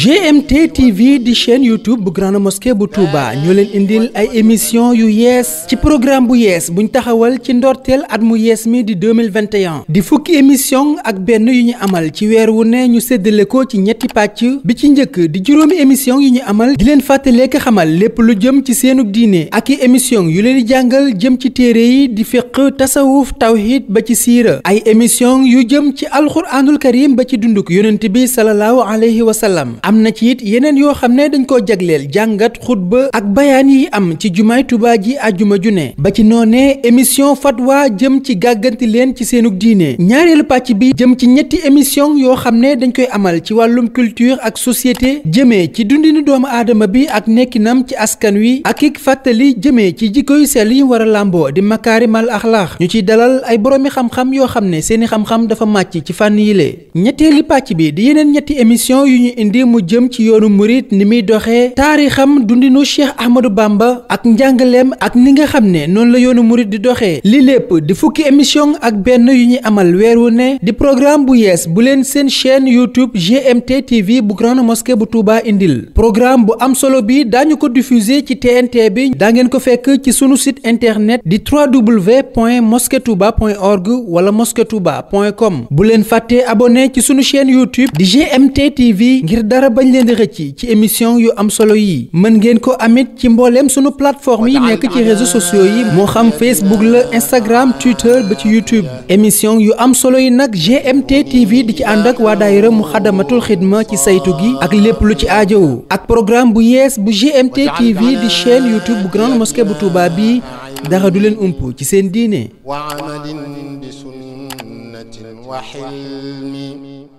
GMT TV di chaîne YouTube bu Grande Mosquée bu Touba ñoo leen indil ay émission yu yees ci programme bu yees buñ taxawal ci ndorteel at mu yees mi di 2021 di fukki émission ak benn yu ñu amal ci weer wu ne ñu seddale ko ci ñetti pàcc bi ci njëkk di juróomi émission yu ñu amal di leen fàttaleek xamal lépp lu jëm ci seenug diine ak i émission yu leen di jàngal jëm ci téere yi di fiq tasawuf tawhid ba ci siira ay émission yu jëm ci alxuraanul karim ba ci dunduk yonent bi salallaahu alayhi wa sallam am na ci it yeneen yoo xam ne dañ koo jagleel jàngat xutba ak bayaan yi am ci jumaay Tuubaa ji àjjuma ju ne ba ci noonee émission fatwa jëm ci gàgganti leen ci seenug diine ñaareelu pàcc bi jëm ci ñetti émission yoo xam ne dañ koy amal ci wàllum culture ak société jëmee ci dundinu doomu aadama bi ak nekkinam ci askan wi ak ik fàttali jëmee ci jikko yu sell war a làmboo di makaarimal axlaax ñu ciy dalal ay boromi xam-xam yoo xam ne seeni xam-xam dafa màcc ci fànn yile ñetteeli pàcc bi di yeneen ñetti émission yu ñu indi mu jëm ci yoonu murit ni muy doxee taarixam dundinu Cheikh Ahmadou Bamba ak njàngaleem ak ni nga xam ne noonu la yoonu murit di doxee li lépp di fukki émission ak benn yu ñu amal weer wu ne di programme bu yees bu leen seen chaîne YouTube GMT TV bu Grande Mosquée bu Touba indil programme bu am solo bi daañu ko diffuser ci TNT bi daa ngeen ko fekk ci sunu site internet di www.mosquetouba.org wala mosquetouba.com bu leen fàtte abonné ci sunu chaîne YouTube di GMT TV ngir dara bañ leen di rëcc ci émission yu am solo yi mën ngeen ko amit ci mbooleem sunu plateforme yi nekk ci réseaux sociaux yi moo xam Facebook la Instagram Twitter ba ci YouTube émission yu am solo yi nag GMT TV di ci ànd ak waa daayira mu xadamatul xidma ci saytu gi ak lépp lu ci aajowu ak programme bu yees bu GMT TV di chaîne YouTube bu Grande Mosquée bu Touba yi dara du leen ump ci seen diine وعمل